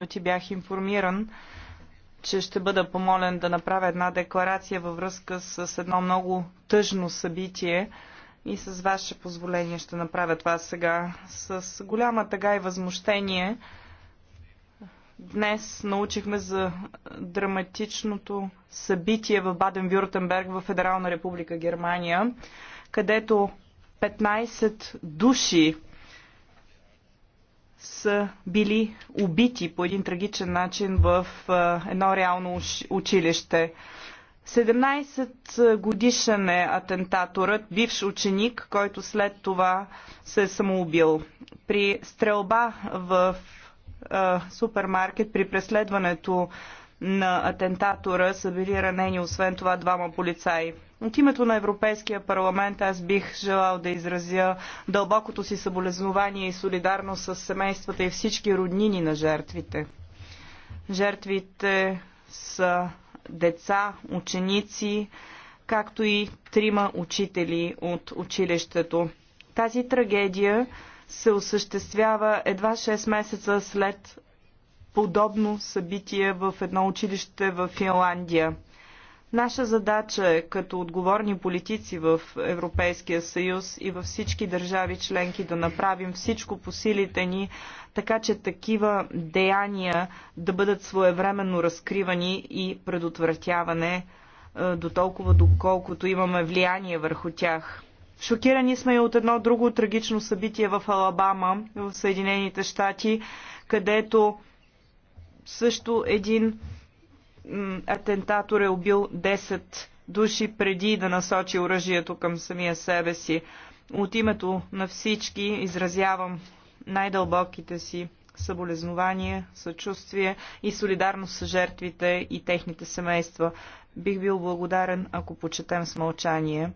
минути бях информиран, че ще бъда помолен да направя една декларация във връзка с едно много тъжно събитие и с ваше позволение ще направя това сега. С голяма тъга и възмущение днес научихме за драматичното събитие в Баден-Вюртенберг в Федерална република Германия, където 15 души са били убити по един трагичен начин в едно реално училище. 17 годишен е атентаторът, бивш ученик, който след това се е самоубил. При стрелба в а, супермаркет, при преследването на атентатора са били ранени освен това двама полицаи. От името на Европейския парламент аз бих желал да изразя дълбокото си съболезнование и солидарност с семействата и всички роднини на жертвите. Жертвите са деца, ученици, както и трима учители от училището. Тази трагедия се осъществява едва 6 месеца след подобно събитие в едно училище в Финландия. Наша задача е като отговорни политици в Европейския съюз и във всички държави членки да направим всичко по силите ни, така че такива деяния да бъдат своевременно разкривани и предотвратяване е, до толкова доколкото имаме влияние върху тях. Шокирани сме и от едно друго трагично събитие в Алабама, в Съединените щати, където също един атентатор е убил 10 души преди да насочи оръжието към самия себе си. От името на всички изразявам най-дълбоките си съболезнования, съчувствие и солидарност с жертвите и техните семейства. Бих бил благодарен, ако почетем с мълчание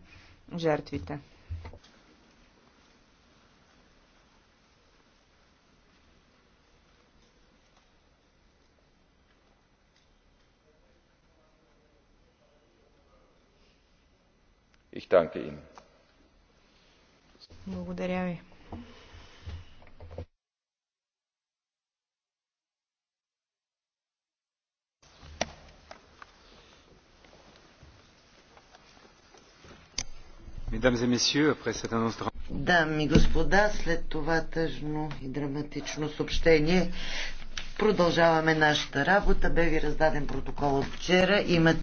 жертвите. Ich danke Ihnen. Благодаря ви. Дами и господа, след това тъжно и драматично съобщение продължаваме нашата работа. Бе ви раздаден протокол от вчера. Имате